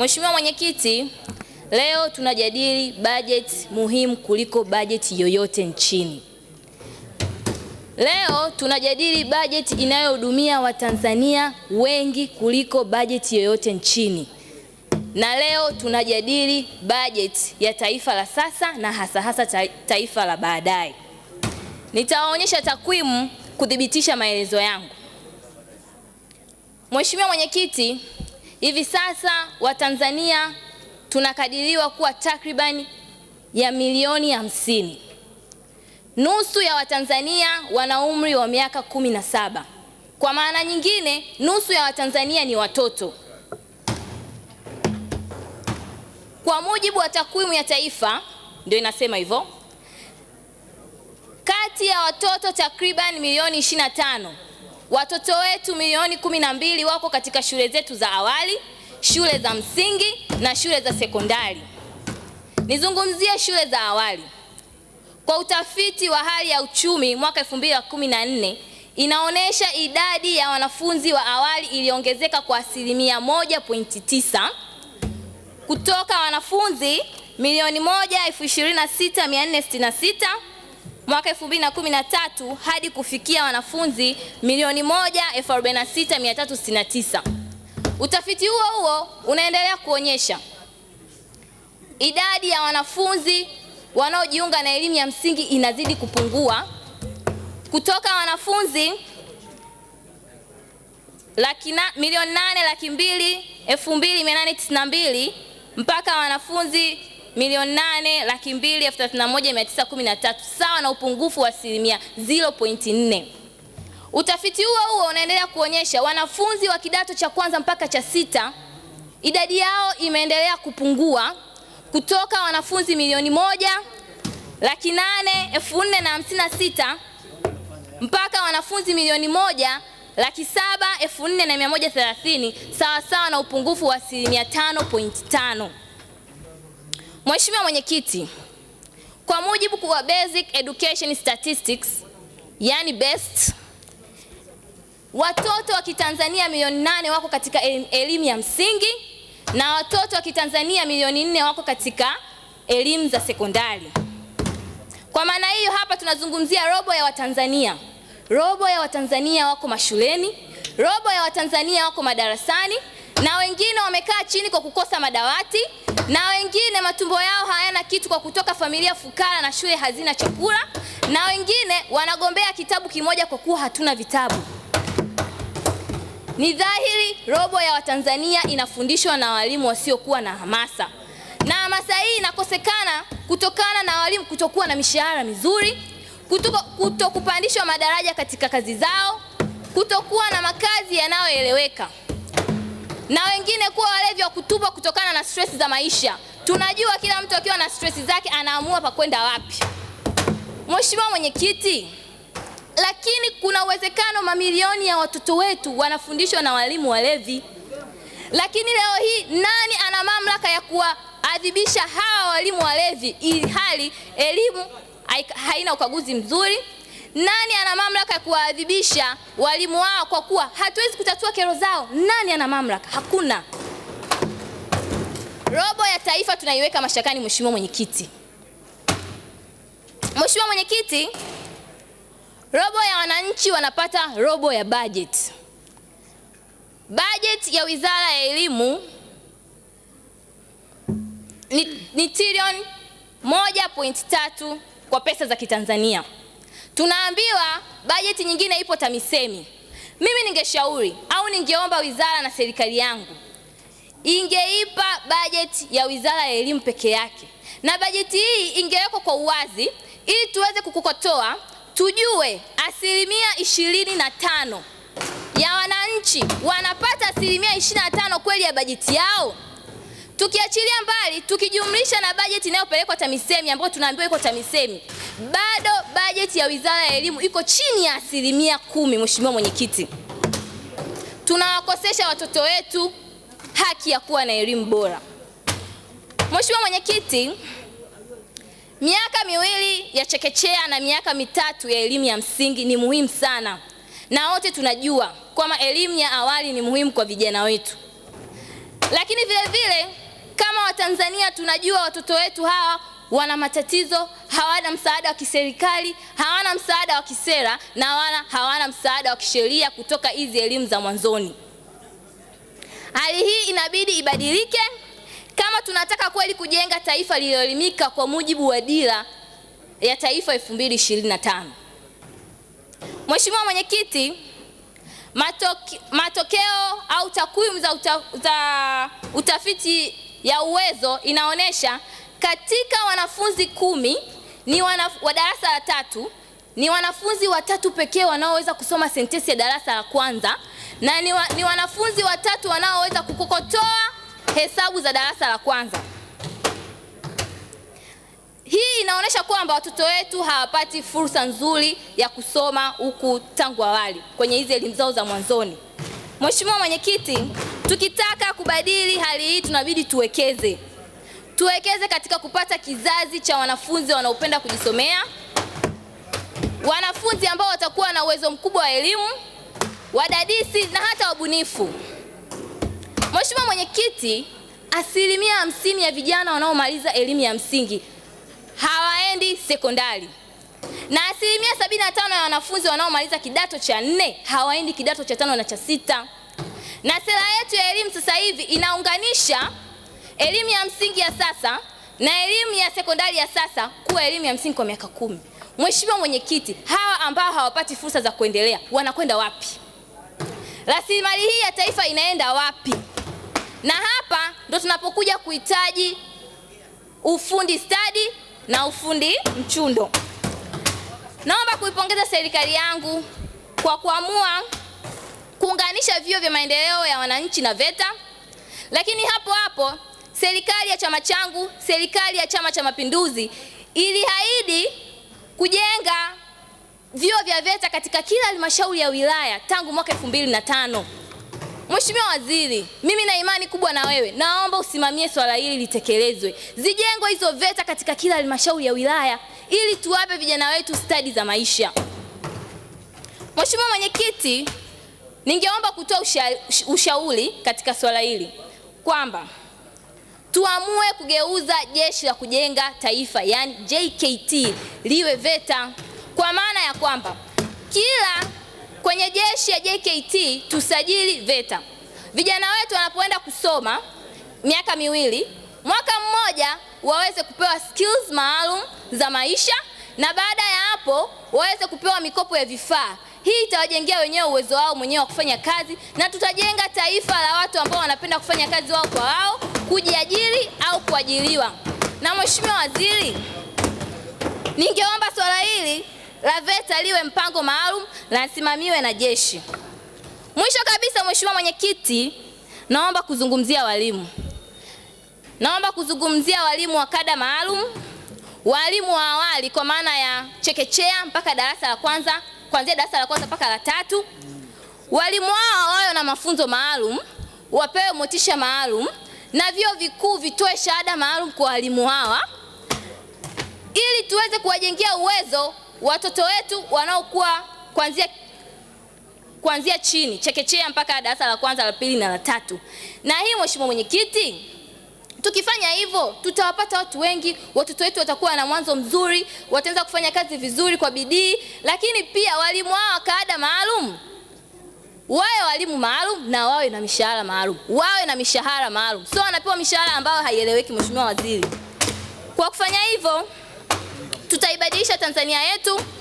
Mheshimiwa Mwenyekiti, leo tunajadili bajeti muhimu kuliko bajeti yoyote nchini. Leo tunajadili bajeti inayohudumia Watanzania wengi kuliko bajeti yoyote nchini. Na leo tunajadili bajeti ya taifa la sasa na hasa hasa taifa la baadaye. Nitawaonyesha takwimu kuthibitisha maelezo yangu. Mheshimiwa Mwenyekiti, Hivi sasa Watanzania tunakadiriwa kuwa takribani ya milioni hamsini. Nusu ya Watanzania wana umri wa miaka kumi na saba. Kwa maana nyingine, nusu ya Watanzania ni watoto. Kwa mujibu wa takwimu ya taifa, ndio inasema hivyo, kati ya watoto takriban milioni 25 Watoto wetu milioni kumi na mbili wako katika shule zetu za awali, shule za msingi na shule za sekondari. Nizungumzie shule za awali. Kwa utafiti wa hali ya uchumi mwaka 2014 inaonyesha idadi ya wanafunzi wa awali iliongezeka kwa asilimia 1.9 kutoka wanafunzi milioni 1,264,466 mwaka 2013 hadi kufikia wanafunzi milioni 1,046,369. Utafiti huo huo unaendelea kuonyesha idadi ya wanafunzi wanaojiunga na elimu ya msingi inazidi kupungua kutoka wanafunzi laki na, milioni nane laki mbili elfu mbili mia nane tisini na mbili mpaka wanafunzi milioni nane laki mbili elfu thelathini na moja mia tisa kumi na tatu sawa na upungufu wa asilimia 0.4. Utafiti huo huo unaendelea kuonyesha wanafunzi wa kidato cha kwanza mpaka cha sita idadi yao imeendelea kupungua kutoka wanafunzi milioni moja laki nane elfu nne na hamsini na sita mpaka wanafunzi milioni moja laki saba elfu nne na mia moja thelathini sawasawa na upungufu wa asilimia 5.5. Mheshimiwa Mwenyekiti, kwa mujibu wa Basic Education Statistics, yani BEST, watoto wa Kitanzania milioni nane wako katika elimu ya msingi na watoto wa Kitanzania milioni nne wako katika elimu za sekondari. Kwa maana hiyo, hapa tunazungumzia robo ya Watanzania, robo ya Watanzania wako mashuleni, robo ya Watanzania wako madarasani na wengine wamekaa chini kwa kukosa madawati na wengine matumbo yao hayana kitu kwa kutoka familia fukara na shule hazina chakula, na wengine wanagombea kitabu kimoja kwa kuwa hatuna vitabu. Ni dhahiri robo ya Watanzania inafundishwa na walimu wasiokuwa na hamasa, na hamasa hii inakosekana kutokana na walimu kutokuwa na mishahara mizuri, kutokupandishwa madaraja katika kazi zao, kutokuwa na makazi yanayoeleweka na wengine kuwa walevi wa kutupwa kutokana na stress za maisha. Tunajua kila mtu akiwa na stress zake anaamua pa kwenda wapi. Mheshimiwa Mwenyekiti, lakini kuna uwezekano mamilioni ya watoto wetu wanafundishwa na walimu walevi, lakini leo hii nani ana mamlaka ya kuwaadhibisha hawa walimu walevi, ili hali elimu haina ukaguzi mzuri nani ana mamlaka ya kuwaadhibisha walimu wao kwa kuwa hatuwezi kutatua kero zao? Nani ana mamlaka? Hakuna. Robo ya taifa tunaiweka mashakani, Mheshimiwa Mwenyekiti. Mheshimiwa Mwenyekiti, robo ya wananchi wanapata robo ya budget. Budget ya Wizara ya Elimu ni, ni trilioni 1.3 kwa pesa za Kitanzania. Tunaambiwa bajeti nyingine ipo TAMISEMI. Mimi ningeshauri au ningeomba wizara na serikali yangu ingeipa bajeti ya wizara ya elimu peke yake, na bajeti hii ingewekwa kwa uwazi ili tuweze kukukotoa, tujue asilimia ishirini na tano ya wananchi wanapata asilimia ishirini na tano kweli ya bajeti yao. Tukiachilia mbali, tukijumlisha na bajeti inayopelekwa TAMISEMI ambayo tunaambiwa iko TAMISEMI, bado bajeti ya Wizara ya Elimu iko chini ya asilimia kumi. Mheshimiwa Mwenyekiti, tunawakosesha watoto wetu haki ya kuwa na elimu bora. Mheshimiwa Mwenyekiti, miaka miwili ya chekechea na miaka mitatu ya elimu ya msingi ni muhimu sana, na wote tunajua kwamba elimu ya awali ni muhimu kwa vijana wetu, lakini vile vile kama Watanzania tunajua watoto wetu hawa wana matatizo, hawana msaada wa kiserikali, hawana msaada wa kisera na wala hawana msaada wa kisheria kutoka hizi elimu za mwanzoni. Hali hii inabidi ibadilike kama tunataka kweli kujenga taifa lililoelimika kwa mujibu wa dira ya taifa 2025. Mheshimiwa Mwenyekiti, matokeo au takwimu za uta, uta, utafiti ya uwezo inaonyesha katika wanafunzi kumi ni wanaf wa darasa la tatu ni wanafunzi watatu pekee wanaoweza kusoma sentensi ya darasa la kwanza na ni, wa, ni wanafunzi watatu wanaoweza kukokotoa hesabu za darasa la kwanza. Hii inaonyesha kwamba watoto wetu hawapati fursa nzuri ya kusoma huku tangu awali kwenye hizi elimu zao za mwanzoni. Mheshimiwa Mwenyekiti, tukitaka kubadili hali hii tunabidi tuwekeze, tuwekeze katika kupata kizazi cha wanafunzi wanaopenda kujisomea, wanafunzi ambao watakuwa na uwezo mkubwa wa elimu, wadadisi na hata wabunifu. Mheshimiwa Mwenyekiti, asilimia hamsini ya vijana wanaomaliza elimu ya msingi hawaendi sekondari na asilimia sabini na tano ya wanafunzi wanaomaliza kidato cha nne hawaendi kidato cha tano na cha sita. Na sera yetu ya elimu sasa hivi inaunganisha elimu ya msingi ya sasa na elimu ya sekondari ya sasa kuwa elimu ya msingi kwa miaka kumi. Mheshimiwa Mwenyekiti, hawa ambao hawapati fursa za kuendelea wanakwenda wapi? Rasilimali hii ya taifa inaenda wapi? Na hapa ndo tunapokuja kuhitaji ufundi stadi na ufundi mchundo. Naomba kuipongeza serikali yangu kwa kuamua kuunganisha vyuo vya maendeleo ya wananchi na VETA, lakini hapo hapo serikali ya chama changu, serikali ya Chama cha Mapinduzi iliahidi kujenga vyuo vya VETA katika kila halmashauri ya wilaya tangu mwaka 2005. Mheshimiwa Waziri, mimi na imani kubwa na wewe, naomba usimamie swala hili litekelezwe, zijengwe hizo VETA katika kila halmashauri ya wilaya ili tuwape vijana wetu stadi za maisha. Mheshimiwa Mwenyekiti, ningeomba kutoa usha, ushauri katika swala hili kwamba tuamue kugeuza jeshi la kujenga taifa yaani JKT liwe VETA, kwa maana ya kwamba kila kwenye jeshi ya JKT tusajili VETA. Vijana wetu wanapoenda kusoma miaka miwili, mwaka mmoja waweze kupewa skills maalum za maisha, na baada ya hapo waweze kupewa mikopo ya vifaa. Hii itawajengea wenyewe uwezo wao mwenyewe wa kufanya kazi, na tutajenga taifa la watu ambao wanapenda kufanya kazi wao kwa wao, kujiajiri au kuajiriwa. Na Mheshimiwa Waziri, ningeomba swala hili LAVETA liwe mpango maalum na simamiwe na jeshi. Mwisho kabisa, Mheshimiwa Mwenyekiti, naomba kuzungumzia walimu. Naomba kuzungumzia walimu wa kada maalum, walimu wa awali kwa maana ya chekechea mpaka darasa la kwanza, kuanzia darasa la kwanza mpaka la tatu. Walimu hao wawe na mafunzo maalum, wapewe motisha maalum na vyuo vikuu vitoe shahada maalum kwa walimu hawa ili tuweze kuwajengea uwezo watoto wetu wanaokuwa kuanzia kuanzia chini chekechea mpaka darasa la kwanza la pili na la tatu. Na hii mheshimiwa mwenyekiti, tukifanya hivyo tutawapata watu wengi, watoto wetu watakuwa na mwanzo mzuri, wataanza kufanya kazi vizuri kwa bidii, lakini pia walimu hao wakaada maalum wawe walimu maalum na wawe na mishahara maalum, wawe na mishahara maalum, so wanapewa mishahara ambayo haieleweki. Mheshimiwa Waziri, kwa kufanya hivyo tutaibadilisha Tanzania yetu.